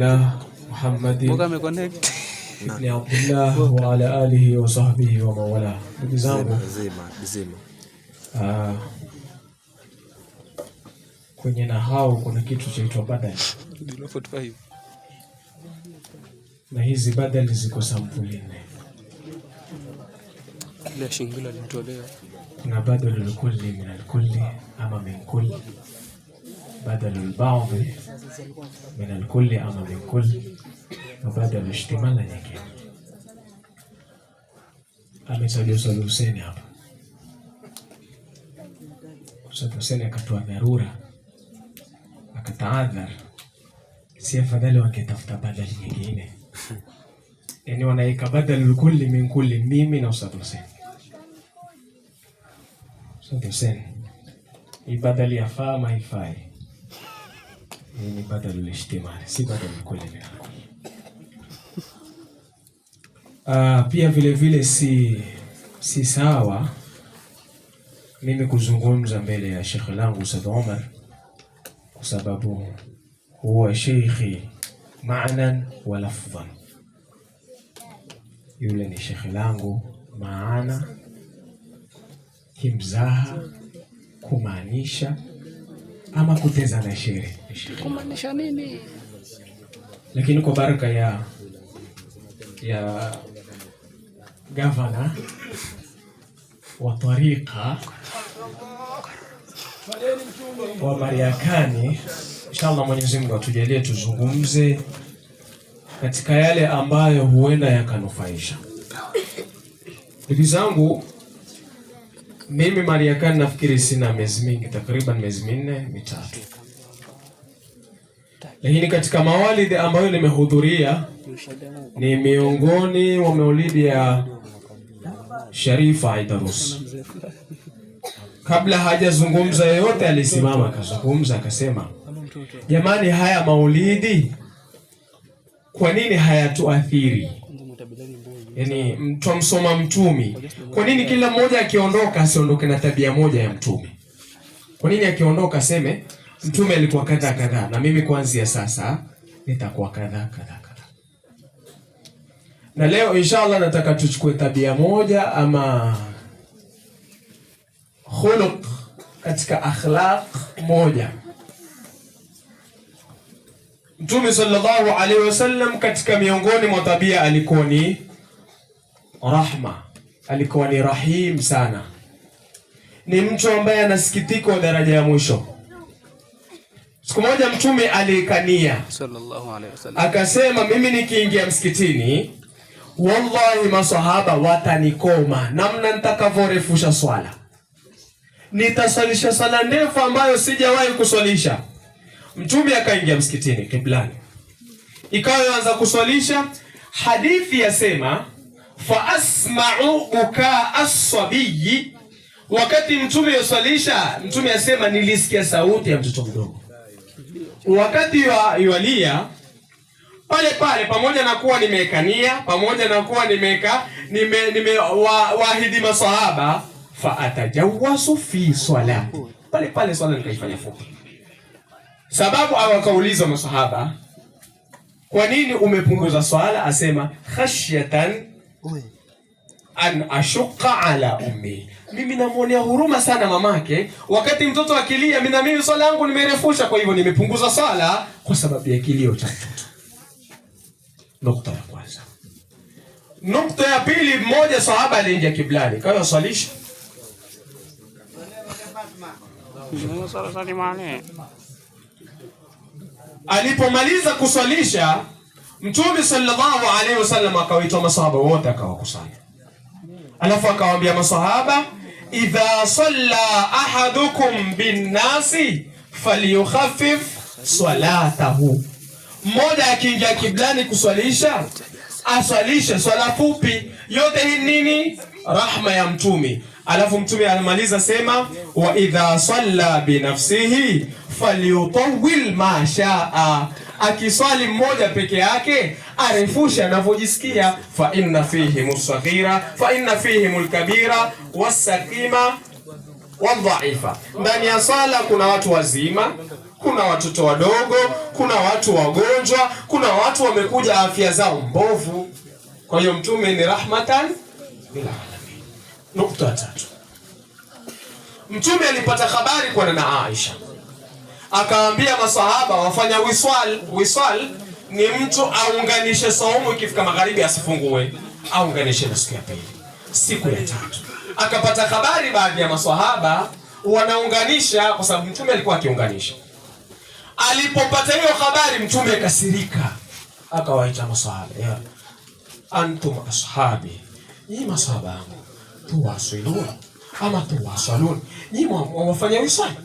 Abdullah Muhammad ibn Abdullah wa ala alihi wa sahbihi wa mawala. Ndugu zangu ah, kwenye nahau kuna kitu chaitwa badal na hizi badali ziko sampuli nne. Kuna badal lilkulli min alkulli ama min kulli badal lbaadhi min alkulli ama min kulli na badal ishtimal na nyingine. Ametaja Ustadh Huseni hapa. Ustadh Huseni akatoa dharura, akataadhar, si afadhali wangetafuta badali nyingine? Yani wanaika badal lkulli min kulli, mimi na Ustadh Huseni. Ustadh Huseni, ibadali yafaa maifai bado si bado Uh, pia vile vile si, si sawa mimi kuzungumza mbele ya shekhe langu Ustadh Omar kwa sababu huwa sheikhi maanan wa lafdhan, yule ni shekhe langu maana kimzaha kumaanisha ama kuteza na shere. kumaanisha nini? Lakini kwa baraka ya ya gavana wa tarika wa Mariakani, inshallah Mwenyezi Mungu atujalie tuzungumze katika yale ambayo huenda yakanufaisha ndugu zangu. Mimi Mariakani nafikiri sina miezi mingi, takriban miezi minne mitatu, lakini katika mawalidi ambayo nimehudhuria ni miongoni wa maulidi ya Sharifa Aidarus. Kabla hajazungumza yoyote, alisimama akazungumza akasema, jamani, haya maulidi kwa nini hayatuathiri? yani twamsoma mtumi. Kwa nini kila mmoja akiondoka asiondoke na tabia moja ya mtumi Kwa nini akiondoka aseme mtume alikuwa kadhaa kadhaa, na mimi kuanzia sasa nitakuwa kadhaa kadhaa kadhaa? Na leo inshallah nataka tuchukue tabia moja ama khuluq katika akhlaq moja Mtume sallallahu alaihi wasallam katika miongoni mwa tabia alikuwa ni rahma, alikuwa ni rahim sana. Ni mtu ambaye anasikitika daraja ya mwisho. Siku moja Mtume alikania sallallahu alaihi wasallam, akasema mimi nikiingia msikitini, wallahi masahaba watanikoma namna nitakavyorefusha swala, nitaswalisha swala ndefu ambayo sijawahi kuswalisha. Mtume akaingia msikitini kiblani, ikawa anza kuswalisha. Hadithi yasema fa asma'u bukaa aswabiyi, wakati mtume yoswalisha, mtume asema nilisikia sauti ya mtoto mdogo wakati wa yualia pale pale, pamoja na kuwa nimekania, pamoja na kuwa nimeka nime, nime wa, waahidi masahaba, fa atajawasu fi salati pale pale, swala nikaifanya fupi, sababu awakauliza masahaba, kwa nini umepunguza swala? Asema khashyatan an ashuka ala ummi. Mimi namwonea huruma sana mamake wakati mtoto akilia. na mimi swala yangu nimerefusha, kwa hivyo nimepunguza swala kwa sababu ya kilio cha mtoto. Nukta ya kwanza. Nukta ya pili, mmoja sahaba aliingia kiblani, kawa swalisha alipomaliza kuswalisha Mtume sallallahu alaihi wasallam akawaita masahaba wote akawakusanya, alafu akawaambia masahaba, idha salla ahadukum binnasi falyukhaffif salatahu, mmoja akiingia kiblani kuswalisha aswalishe swala fupi. Yote hii nini? Rahma ya Mtume. Alafu Mtume anamaliza sema, wa idha salla binafsihi falyutawil ma shaa akiswali mmoja peke yake arefusha anavyojisikia, fa inna fihim saghira fa inna fihim alkabira wasaqima wadhaifa. Ndani ya swala kuna watu wazima, kuna watoto wadogo, kuna watu wagonjwa, kuna watu wamekuja afya zao mbovu. Kwa hiyo Mtume ni rahmatan lilalamin Nukta tatu, Mtume alipata habari kwa nana Aisha akaambia masahaba wafanya wiswal. Wiswal ni mtu aunganishe saumu ikifika magharibi asifungue, aunganishe na siku ya pili, siku ya tatu. Akapata habari baadhi ya masahaba wanaunganisha, kwa sababu mtume alikuwa akiunganisha. Alipopata hiyo habari, mtume akasirika, akawaita masahaba ya. antum ashabi, nyinyi masahaba yangu, tuwasilun ama tuwasalun, nyinyi wafanya wiswali